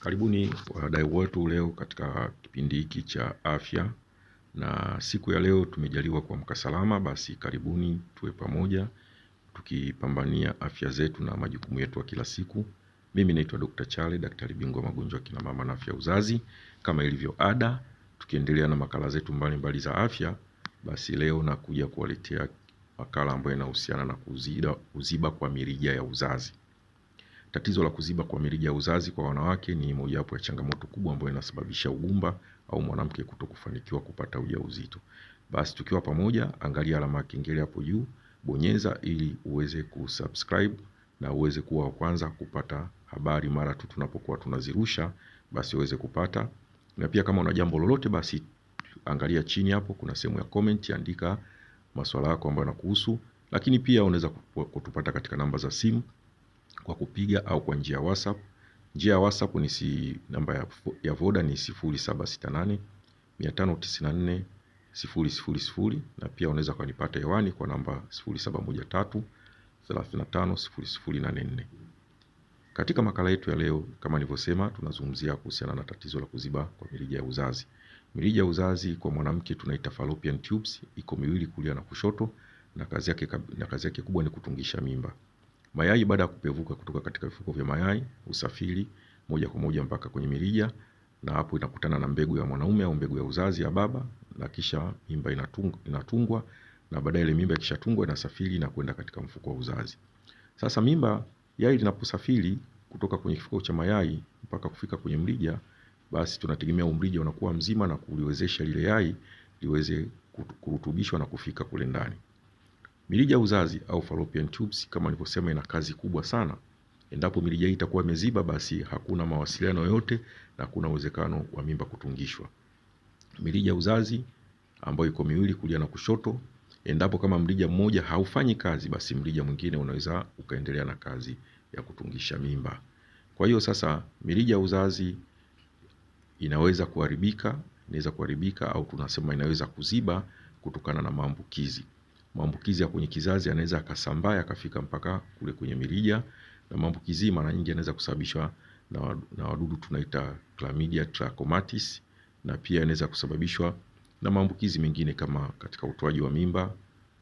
Karibuni wadau wetu leo katika kipindi hiki cha afya, na siku ya leo tumejaliwa kuamka salama, basi karibuni tuwe pamoja tukipambania afya zetu na majukumu yetu ya kila siku. Mimi naitwa Dr. Chale, daktari bingwa magonjwa kina mama na afya uzazi. Kama ilivyo ada, tukiendelea na makala zetu mbalimbali za afya, basi leo nakuja kuwaletea makala ambayo inahusiana na kuziba, kuziba kwa mirija ya uzazi. Tatizo la kuziba kwa mirija ya uzazi kwa wanawake ni mojawapo ya changamoto kubwa ambayo inasababisha ugumba au mwanamke kutokufanikiwa kupata ujauzito. Basi tukiwa pamoja, angalia alama ya kengele hapo juu, bonyeza ili uweze kusubscribe na uweze kuwa wa kwanza kupata habari mara tu tunapokuwa tunazirusha, basi uweze kupata. Na pia kama una jambo lolote basi angalia chini hapo kuna sehemu ya comment andika maswala yako ambayo yanakuhusu, lakini pia unaweza kutupata katika namba za simu kwa kupiga au kwa njia ya WhatsApp. Njia ya WhatsApp ni si, namba ya ya Voda ni 0768 594 000 na pia unaweza kunipata hewani kwa namba 0713 350084. Katika makala yetu ya leo, kama nilivyosema, tunazungumzia kuhusiana na tatizo la kuziba kwa mirija ya uzazi. Mirija ya uzazi kwa mwanamke tunaita fallopian tubes, iko miwili kulia na kushoto na kazi yake na kazi yake kubwa ni kutungisha mimba. Mayai baada ya kupevuka kutoka katika vifuko vya mayai usafiri moja kwa moja mpaka kwenye mirija na hapo inakutana na mbegu ya mwanaume au mbegu ya uzazi ya baba na kisha mimba inatungwa, inatungwa na baadaye ile mimba ikishatungwa inasafiri na kwenda katika mfuko wa uzazi. Sasa mimba yai linaposafiri kutoka kwenye kifuko cha mayai mpaka kufika kwenye mrija, basi tunategemea umrija unakuwa mzima na kuliwezesha lile yai liweze kurutubishwa na kufika kule ndani. Mirija ya uzazi au fallopian tubes kama nilivyosema ina kazi kubwa sana. Endapo mirija hii itakuwa imeziba, basi hakuna mawasiliano yoyote na kuna uwezekano wa mimba kutungishwa. Mirija ya uzazi ambayo iko miwili, kulia na kushoto, endapo kama mrija mmoja haufanyi kazi, basi mrija mwingine unaweza ukaendelea na kazi ya kutungisha mimba. Kwa hiyo sasa mirija ya uzazi inaweza kuharibika, inaweza kuharibika au tunasema inaweza kuziba kutokana na maambukizi maambukizi ya kwenye kizazi yanaweza yakasambaa yakafika mpaka kule kwenye mirija, na maambukizi mara nyingi yanaweza kusababishwa na, na wadudu tunaita Chlamydia trachomatis na pia yanaweza kusababishwa na maambukizi mengine kama katika utoaji wa mimba,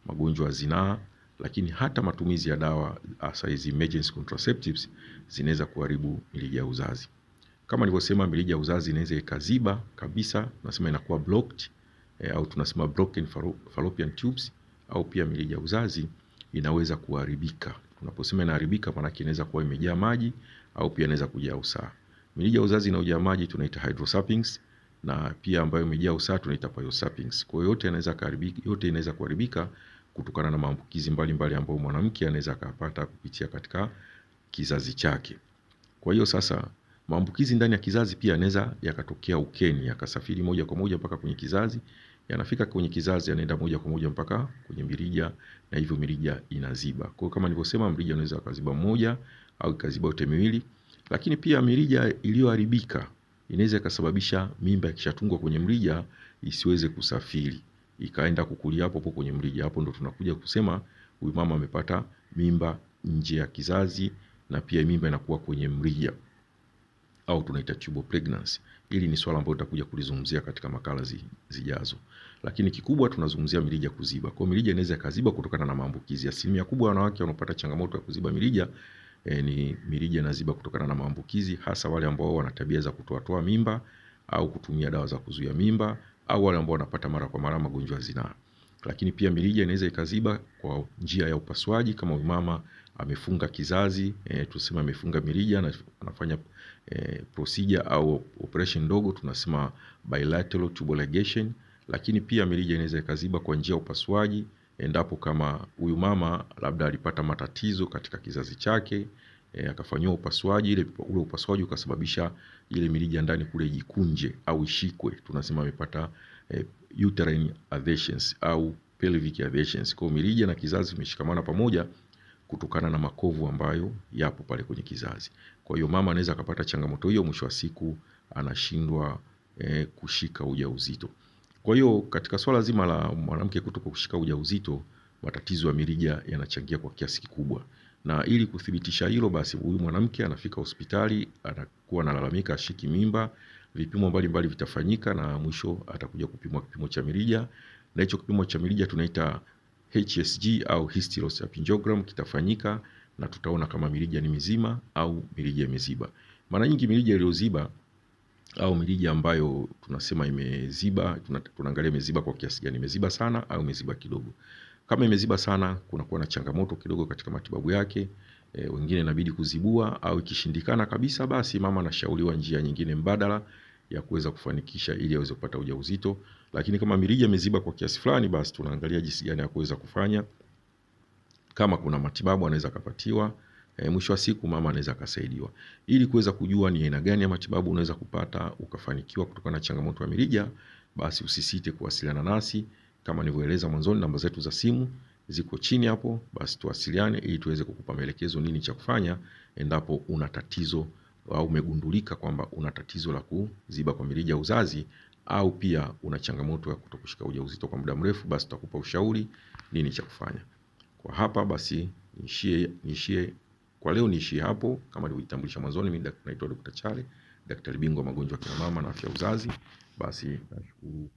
magonjwa ya zinaa, lakini hata matumizi ya dawa hasa hizi emergency contraceptives zinaweza kuharibu mirija ya uzazi. Kama nilivyosema, mirija ya uzazi inaweza ikaziba kabisa, tunasema inakuwa blocked eh, au tunasema broken fallopian tubes au pia mirija uzazi inaweza kuharibika. Tunaposema inaharibika, maanake inaweza kuwa imejaa maji au pia inaweza kujaa usaha. Mirija uzazi inayojaa maji tunaita hydrosalpinx na pia ambayo imejaa usaha tunaita pyosalpinx. Kwa hiyo yote inaweza kuharibika, yote inaweza kuharibika kutokana na maambukizi mbalimbali ambayo mwanamke anaweza akapata kupitia katika kizazi chake. Kwa hiyo sasa maambukizi ndani ya kizazi pia yanaweza yakatokea ukeni, yakasafiri moja kwa moja mpaka kwenye kizazi yanafika kwenye kizazi yanaenda moja kwa moja mpaka kwenye mirija na hivyo mirija inaziba. Kwa kama nilivyosema, mrija unaweza kaziba mmoja au kaziba yote miwili, lakini pia mirija iliyoharibika inaweza ikasababisha mimba ikishatungwa kwenye mrija isiweze kusafiri ikaenda kukulia hapo hapo kwenye mrija. Hapo ndo tunakuja kusema huyu mama amepata mimba nje ya kizazi na pia mimba inakuwa kwenye mrija au tunaita tube pregnancy. Hili ni swala ambalo tutakuja kulizungumzia katika makala zi, zijazo, lakini kikubwa tunazungumzia mirija kuziba. Kwa mirija inaweza ikaziba kutokana na maambukizi. Asilimia kubwa wanawake wanaopata changamoto ya kuziba mirija e, ni mirija inaziba kutokana na maambukizi, hasa wale ambao wana tabia za kutoatoa mimba au kutumia dawa za kuzuia mimba au wale ambao wanapata mara kwa mara magonjwa ya zinaa lakini pia mirija inaweza ikaziba kwa njia ya upasuaji kama mama amefunga kizazi e, tunasema amefunga mirija na anafanya e, procedure au operation ndogo tunasema bilateral tubal ligation. Lakini pia mirija inaweza ikaziba kwa njia ya upasuaji endapo kama huyu mama labda alipata matatizo katika kizazi chake e, akafanyiwa upasuaji, ile ule upasuaji ukasababisha ile mirija ndani kule ijikunje au ishikwe, tunasema amepata eh, uterine adhesions au pelvic adhesions. Kwa mirija na kizazi vimeshikamana pamoja kutokana na makovu ambayo yapo pale kwenye kizazi. Kwa hiyo mama anaweza akapata changamoto hiyo, mwisho wa siku anashindwa eh, kushika ujauzito. Kwa hiyo katika swala zima la mwanamke kutoka kushika ujauzito, matatizo ya mirija yanachangia kwa kiasi kikubwa, na ili kuthibitisha hilo, basi huyu mwanamke anafika hospitali, anakuwa analalamika ashiki mimba, vipimo mbalimbali vitafanyika na mwisho atakuja kupimwa kipimo cha mirija, na hicho kipimo cha mirija tunaita HSG au Histiocyte kitafanyika na tutaona kama mirija ni mizima au mirija imeziba. Mara nyingi mirija iliyoziba au mirija ambayo tunasema imeziba, tunaangalia imeziba kwa kiasi gani, imeziba sana au imeziba kidogo. Kama imeziba sana, kunakuwa na changamoto kidogo katika matibabu yake. E, wengine inabidi kuzibua au ikishindikana kabisa, basi mama anashauriwa njia nyingine mbadala ya kuweza kufanikisha ili aweze kupata ujauzito. Lakini kama mirija imeziba kwa kiasi fulani, basi tunaangalia jinsi gani ya kuweza kufanya, kama kuna matibabu anaweza akapatiwa. E, mwisho wa siku mama anaweza akasaidiwa ili kuweza kujua ni aina gani ya matibabu unaweza kupata ukafanikiwa kutokana na changamoto ya mirija. Basi usisite kuwasiliana nasi kama nilivyoeleza mwanzoni, namba zetu za simu ziko chini hapo. Basi tuwasiliane ili tuweze kukupa maelekezo nini cha kufanya endapo una tatizo au umegundulika kwamba una tatizo la kuziba kwa mirija ya uzazi au pia una changamoto ya kutokushika ujauzito kwa muda mrefu, basi tutakupa ushauri nini cha kufanya. Kwa hapa basi niishie, niishie kwa leo niishie hapo. Kama nilivyojitambulisha mwanzoni, mimi naitwa Dr. Chale, daktari bingwa wa magonjwa ya kina mama na afya uzazi. Basi nashukuru.